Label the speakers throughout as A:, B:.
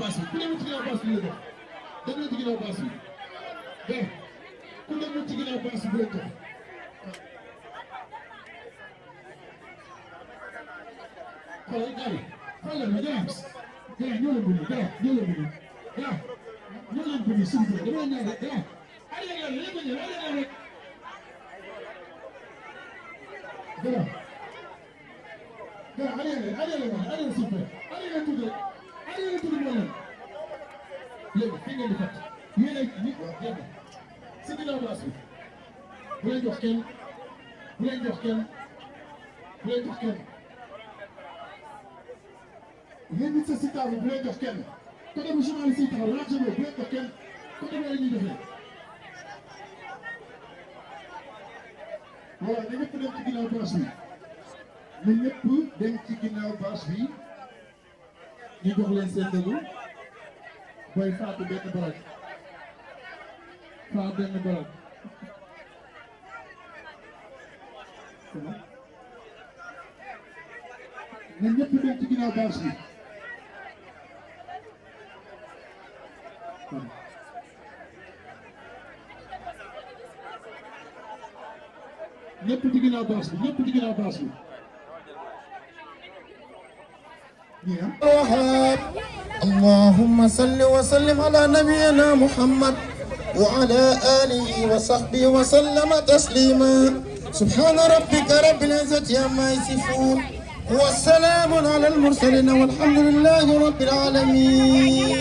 A: baas bi ku demul ci ginnaaw baas bi la def dem leen ci ginnaaw baas bi dégg ku demul ci ginnaaw baas bi la def xoolal gars yi xoolal ma gars gars ñoo leen bëri gars ñoo leen bëri gars ñoo leen bëri suuf bi dama leen ñaan rek gars allé gars lépp a ñëw allé gars rek gars gars allé allé allé allé suuf bi allé tuuti rek te yéen a tudd mooy lan léegi fii ngeen di si ginnaaw glace bi bu leen jox kenn bu leen jox kenn bu leen jox kenn yéen nit sa si table bu leen jox kenn leen bi la ñuy joxee voilà na ñëpp dem ci ginnaaw bâche bi ñu jox leen seen dëggu booy faatu benn barab faat benn barab na ñëpp dem ci ginnaaw bâche
B: bi ñëpp ci ginnaaw bâche bi ñëpp ci ginnaaw bâche bi
A: اللهم صل وسلم على نبينا محمد وعلى آله وصحبه وسلم تسليما سبحان ربك رب العزة عما يصفون والسلام على المرسلين والحمد لله رب العالمين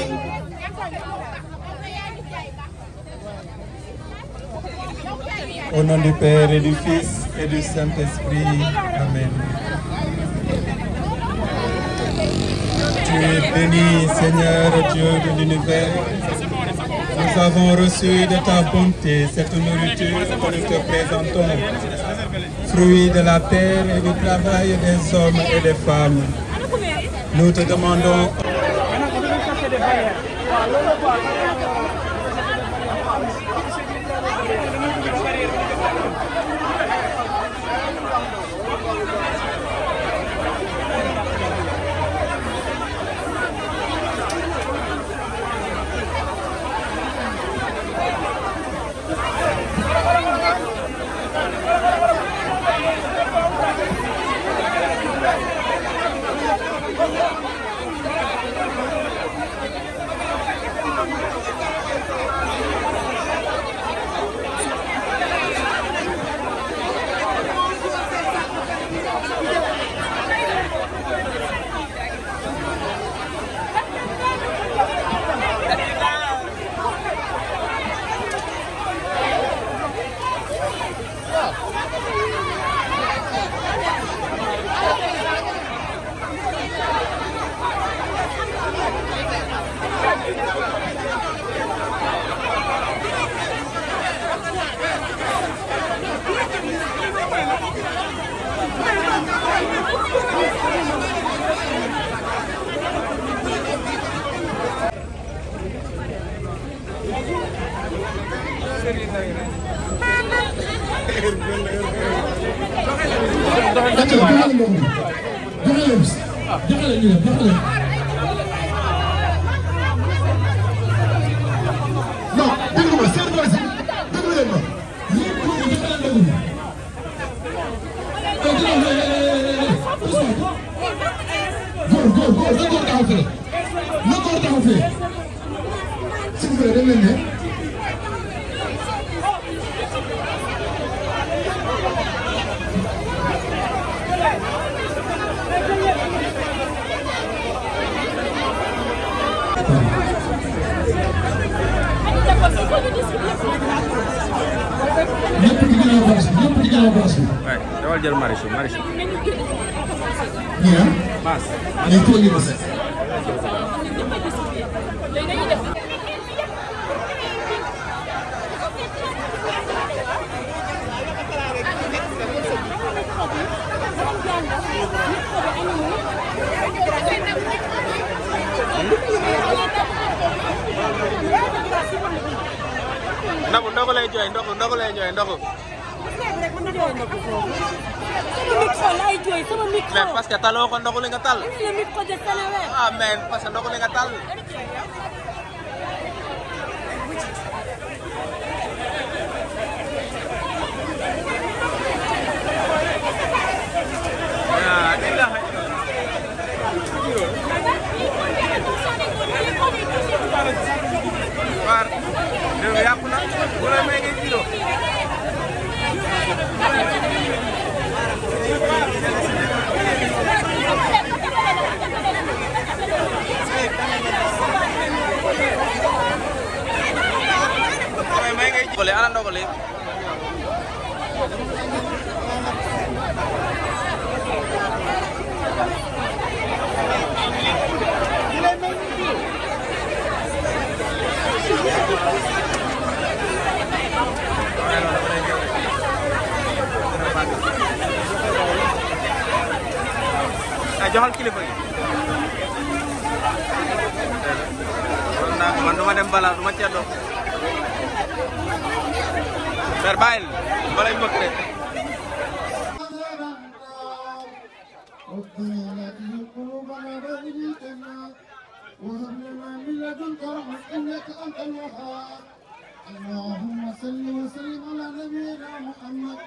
B: Au nom du Père et du Fils et du Saint-Esprit. Amen. tu es béni, de l'univers. Nous avons reçu de ta bonté cette nourriture que nous te présentons, fruit de la terre et du travail des hommes et des femmes.
C: place bi ñëpp di jëloo
A: jooy ndogu ndogu jooy ndogu rek mën na doon ndogu foofu. sama micro laay jooy sama micro. mais parce que taloo ko ndogu li nga tal. ah mais parce que ndogu li nga tal. dogalee ah, joxal kilifa gi man duma dem balaa duma cee dox mer bàyyil ma lay mbëkk rek. اللهم صل وسلم على نبينا محمد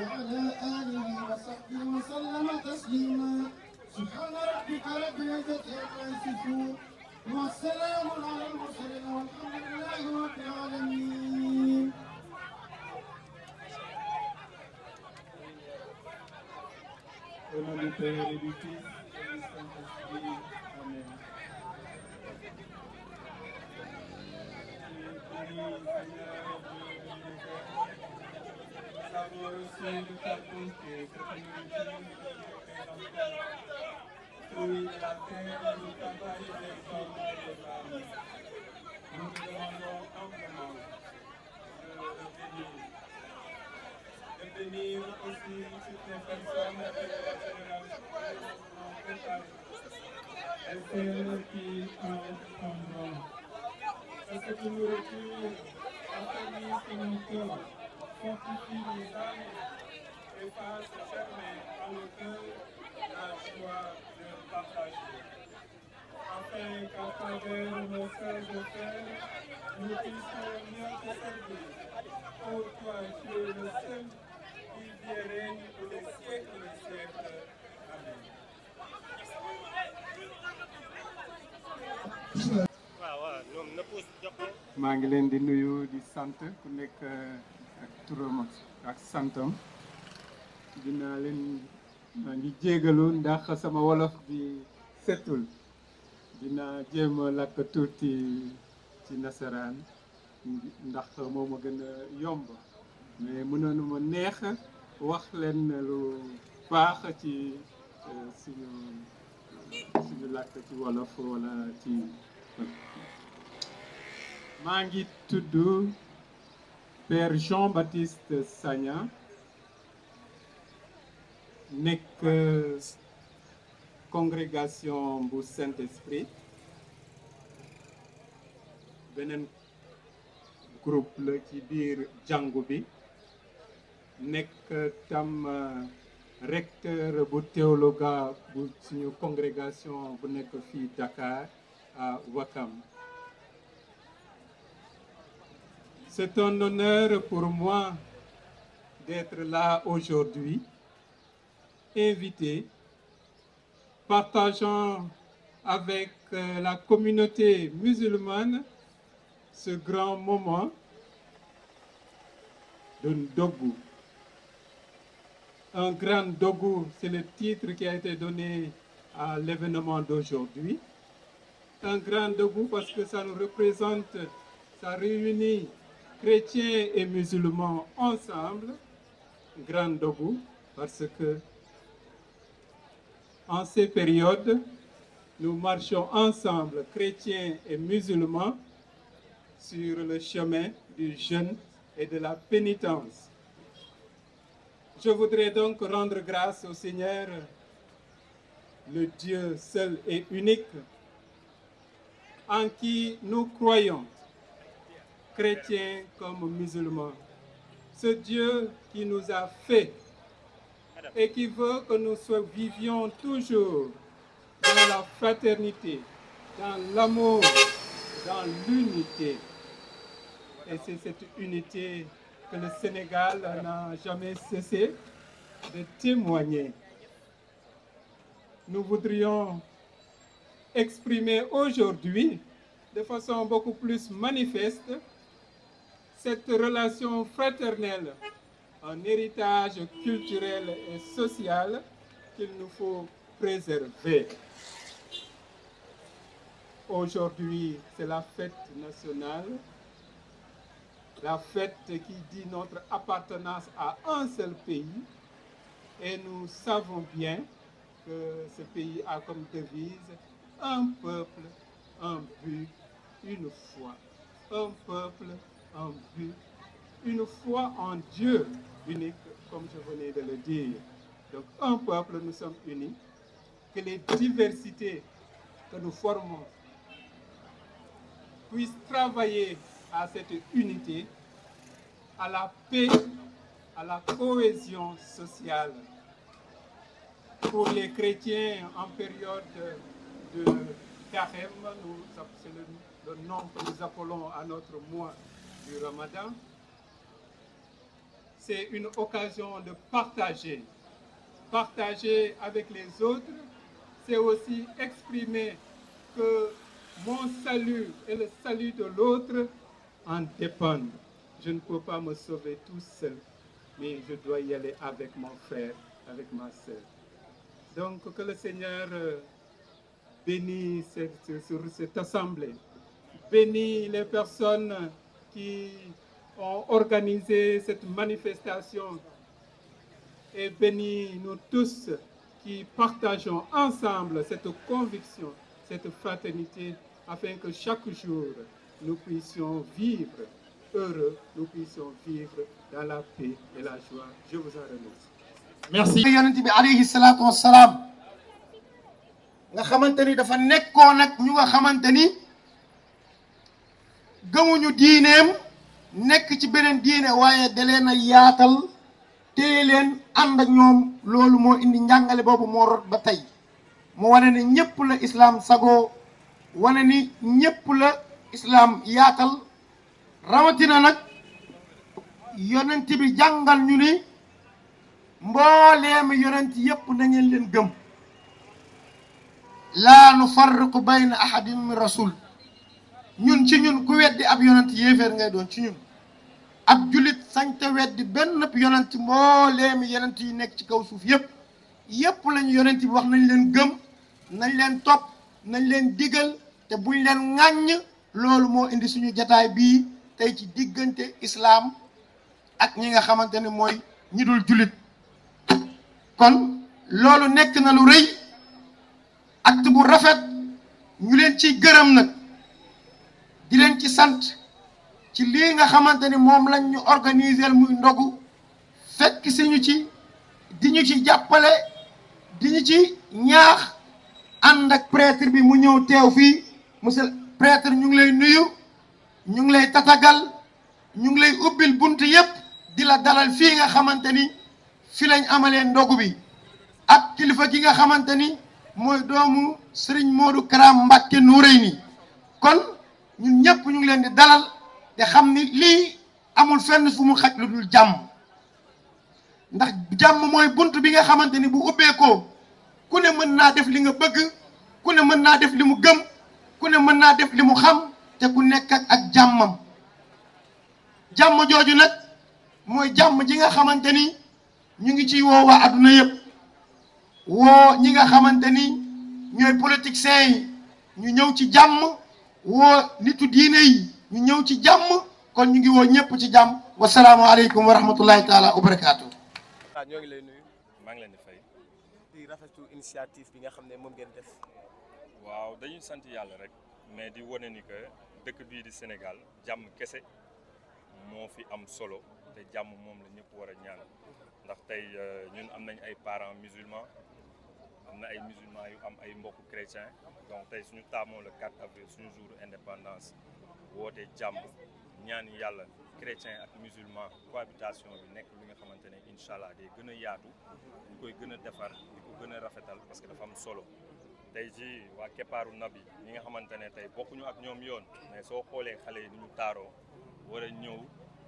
A: وعلى آله وصحبه وسلم تسليما سبحان ربك رب العزة عما يصفون والسلام على المرسلين والحمد لله رب العالمين
B: nom du Père et du Fils et du
A: Saint-Esprit. Amen.
B: Béni, Seigneur Dieu béni nous avons reçu de ta bonté cette nourriture fruit de la terre, du travail des hommes et des femmes. Nous te demandons amplement de le bénir, de bénir certaines personnes qui ont préparé qui en prendront. Ce qui nous retire, affermit sur nos cœurs, fortifie nos âmes et fasse germer en nos cœurs la joie de partager. Afin qu'à travers nos frères et frères, nous puissions mieux te servir. Oh toi, tu es le seul qui maa ngi leen di nuyu di sant ku nekk ak turam ak santam dinaa leen maa ngi jégalu ndax sama wolof bi setul dina jéem a tuuti ci nasaraan ndax moo ma gën a yomb mais mënoonu neex. wax leen lu baax ci euh, suñu euh, suñu làkk ci wolof wala ci maa ngi tudd Père Jean-Baptiste Sagna nekk congrégation bu Saint-Esprit beneen groupe la ci biir jàngu bi nekk tam euh, recteur bu théologa bu suñu congrégation bu nekk fi Dakar à Wakam C'est un honneur pour moi d'être là aujourd'hui, invité, partageant avec euh, la communauté musulmane ce grand moment d'un debout. un grand dogu, c'est le titre qui a été donné à l'événement d'aujourd'hui. Un grand dogu parce que ça nous représente, ça réunit chrétiens et musulmans ensemble. Grand dogu parce que en ces périodes, nous marchons ensemble, chrétiens et musulmans, sur le chemin du jeune et de la pénitence. Je voudrais donc rendre grâce au Seigneur, le Dieu seul et unique, en qui nous croyons, chrétiens comme musulmans. Ce Dieu qui nous a fait et qui veut que nous vivions toujours dans la fraternité, dans l'amour, dans l'unité. Et c'est cette unité que le Sénégal n'a jamais cessé de témoigner. Nous voudrions exprimer aujourd'hui, de façon beaucoup plus manifeste, cette relation fraternelle, un héritage culturel et social qu'il nous faut préserver. Aujourd'hui, c'est la fête nationale la fête qui dit notre appartenance à un seul pays. Et nous savons bien que ce pays a comme devise un peuple, un but, une foi. Un peuple, un but, une foi en Dieu unique, comme je venais de le dire. Donc un peuple, nous sommes unis. Que les diversités que nous formons puissent travailler à cette unité, à la paix, à la cohésion sociale. Pour les chrétiens en période de carême, nous appelons à notre mois du ramadan, c'est une occasion de partager. Partager avec les autres, c'est aussi exprimer que mon salut et le salut de l'autre en dépendre. Je ne peux pas me sauver tout seul, mais je dois y aller avec mon frère, avec ma sœur. Donc que le Seigneur euh, bénisse cette, sur cette assemblée, bénisse les personnes qui ont organisé cette manifestation et bénisse nous tous qui partageons ensemble cette conviction, cette fraternité, afin que chaque jour, nous puissions vivre heureux, nous puissions
A: nga xamante ni dafa nekkoo nag ñu nga xamante ni gëmuñu diineem nekk ci beneen diine waaye da a yaatal téye leen ànd ñoom loolu moo indi njàngale boobu moo rot ba tey mu wane ni ñëpp la islaam sago wane ni ñëpp la islaam yaatal rawatina nag yonent bi jàngal ñu ni mbooleem yonent yépp na leen gëm laa nufarriqu bayna ahadin min rasul ñun ci ñun ku weddi ab yonent yéeféer ngay doon ci ñun ab julit sañte weddi benn yonent mbooleem yonent yi nekk ci kaw suuf yépp yépp lañu yonent bi wax nañ leen gëm nañ leen topp nañ leen digal te buñ leen ŋàññ loolu moo indi suñu jataay bii tey ci diggante islaam ak ñi nga xamante ne mooy ñi dul jullit kon loolu nekk na lu rëy ak bu rafet ñu leen ci gërëm nag di leen ci sant ci lii nga xamante ni moom lañ ñu organiser muy ndogu fekk si ñu ci di ñu ci jàppale di ñu ci ñaax ànd ak prêtre bi mu ñëw teew fii monsieur prêtre ñu ngi lay nuyu ñu ngi lay tatagal ñu ngi lay ubbil bunt yépp di la dalal fii nga xamante ni fi lañ amalee ndogu bi ak kilifa gi nga xamante ni mooy doomu Serigne Modou Karam Mbacke ni kon ñu ñëpp ñu ngi leen di dalal te xam ni lii amul fenn fu mu xaj lu dul jàmm ndax jàmm mooy bunt bi nga xamante ni bu ubbeekoo ku ne mën naa def li nga bëgg ku ne mën naa def li mu gëm. ku ne mën naa def li mu xam te ku nekk ak jàmmam jàmm jooju nag mooy jàmm ji nga xamante ni ñu ngi ciy woo waa adduna yëpp woo ñi nga xamante ni ñooy politiciens yi ñu ñëw ci jàmm woo nitu diine yi ñu ñëw ci jàmm kon ñu ngi woo ñëpp ci jàmm wasalaamualeykum wa rahmatullahi taala wa barakaatu. waaw ngi lay nuyu maa ngi leen di fay di rafetlu initiative bi nga xam ne moom ngeen def.
C: waaw dañuy sant yàlla rek mais di wane ni que dëkk bii di Sénégal jàmm kese moo fi am solo te jàmm moom la ñëpp war a ñaan ndax tey euh, ñun am nañ ay parents musulmans am na ay musulmans yu am ay mbokku chrétiens donc tey suñu taamoo le 4 avril suñu jour indépendance woote jàmm ñaan yàlla chrétien ak musulman cohabitation bi nekk li nga xamante ne incha allah day gën a yaatu ñu koy gën a defar di ko gën a rafetal parce que dafa am solo. tey jii waa keppaaru nab yi ñi nga xamante ne tey bokkuñu ak ñoom yoon mais soo xoolee xale yi nu ñu taaroo war a ñëw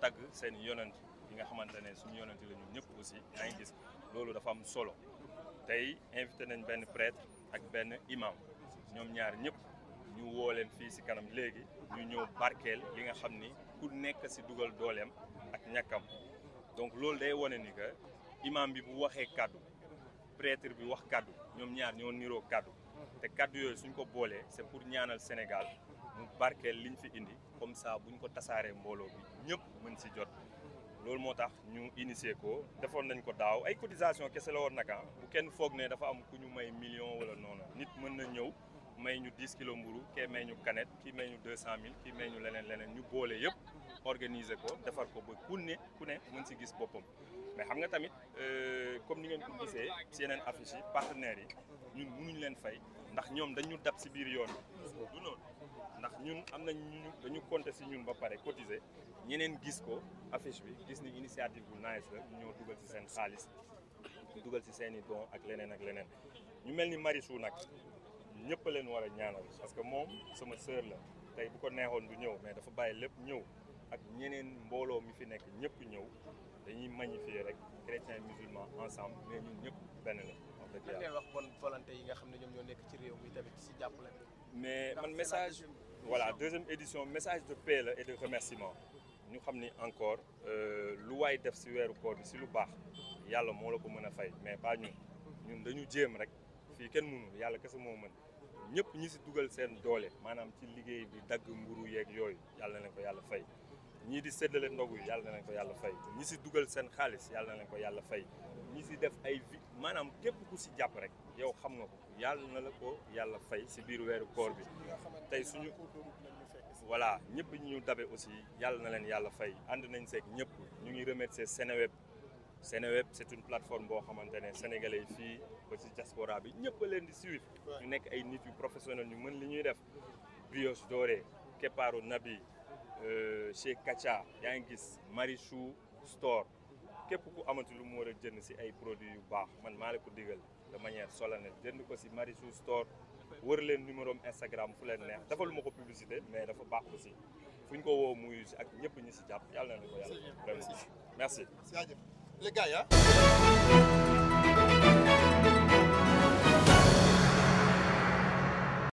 C: tagg seen yonent yi nga xamante ne suñu yonent la ñu ñëpp aussi yaa gis loolu dafa am solo tey invité nañ benn prêtre ak benn imam ñoom ñaar ñëpp ñu woo leen fii si kanam léegi ñu ñëw barkeel li nga xam ni ku nekk si dugal dooleem ak ñàkkam donc loolu day wane ni que imam bi bu waxee kàddu prêtre bi wax kàddu ñoom ñaar ñoo niroo kàddu te kàddu yooyu suñ ko boolee c'est pour ñaanal Sénégal mu barkeel ñu fi indi comme bu ñu ko tasaaree mbooloo bi ñëpp mën si jot loolu moo tax ñu initier ko defoon nañ ko daaw ay cotisation kese la woon nag ah, bu kenn foog ne dafa am ku ñu may million wala noonu nit mën na ñëw may ñu 10 kilos mburu kee may ñu canette kii may ñu 200000 kii may ñu leneen leneen ñu boolee yëpp organiser ko defar ko ba ku ne ku ne mën si gis boppam mais xam nga tamit euh, comme ni ngeen ko gisee si partenaires yi ñun mënuñ leen fay ndax ñoom dañu dab si biir yoon bi du ndax ñun am nañ ñu dañu compter si ñun ba pare cotiser ñeneen gis ko affiche bi gis ni initiative bu nice la ñoo dugal si seen xaalis dugal si seen i don ak leneen ak leneen ñu mel ni Marichou nag ñëpp leen war ñaanal parce que moom sama sœur la tey bu ko neexoon bu ñëw mais dafa bàyyi lépp ñëw ak ñeneen mbooloo mi fi nekk ñëpp ñëw dañuy magnifier rek chrétien musulman ensemble mais ñun ñëpp benn la dëgg yàlla
A: lan ngay yi nga xam ne ñoom ñoo nekk ci réew mi si jàppale
C: mais man message voilà deuxième édition message de paix la et de remerciement ñu xam ni encore euh, lu waay def si weeru koor bi si lu baax yàlla moo la ko mën a fay mais pas ñun ñun dañu jéem rek fii kenn mënul yàlla kese moo mën ñëpp ñi si dugal seen doole maanaam ci liggéey bi dagg mburu yeeg yooyu yàlla na leen ko yàlla fay ñii di séddale ndogu yàlla na leen ko yàlla fay ñi si dugal seen xaalis yàlla na leen ko yàlla fay ñi si def ay vi maanaam képp ku si jàpp rek yow xam nga ko yàlla na la ko yàlla fay si biir weeru koor bi tey suñu voilà ñëpp ñu dabe aussi yàlla na leen yàlla fay ànd nañ seek ñëpp ñu ngi remercier Seneweb Seneweb c'est une plateforme boo xamante ne sénégalais yi fii ba ci diaspora bi ñëpp leen di suivre ñu nekk ay nit yu professionnel ñu mën li ñuy def Brioche Dorée Keparu Nabi euh, chez Kacha yaa ngi gis Marichou Store képp ku amati lu mu war jënd si ay produits yu baax man maa la ko digal de manière solennelle jënd ko si Marichou Store wër leen numéro Instagram fu leen neex dafa lu ma ko publicité mais dafa baax aussi fu ñu ko woo muyu si ak ñëpp ñi si jàpp yàlla na ko yàlla vraiment merci jaajëf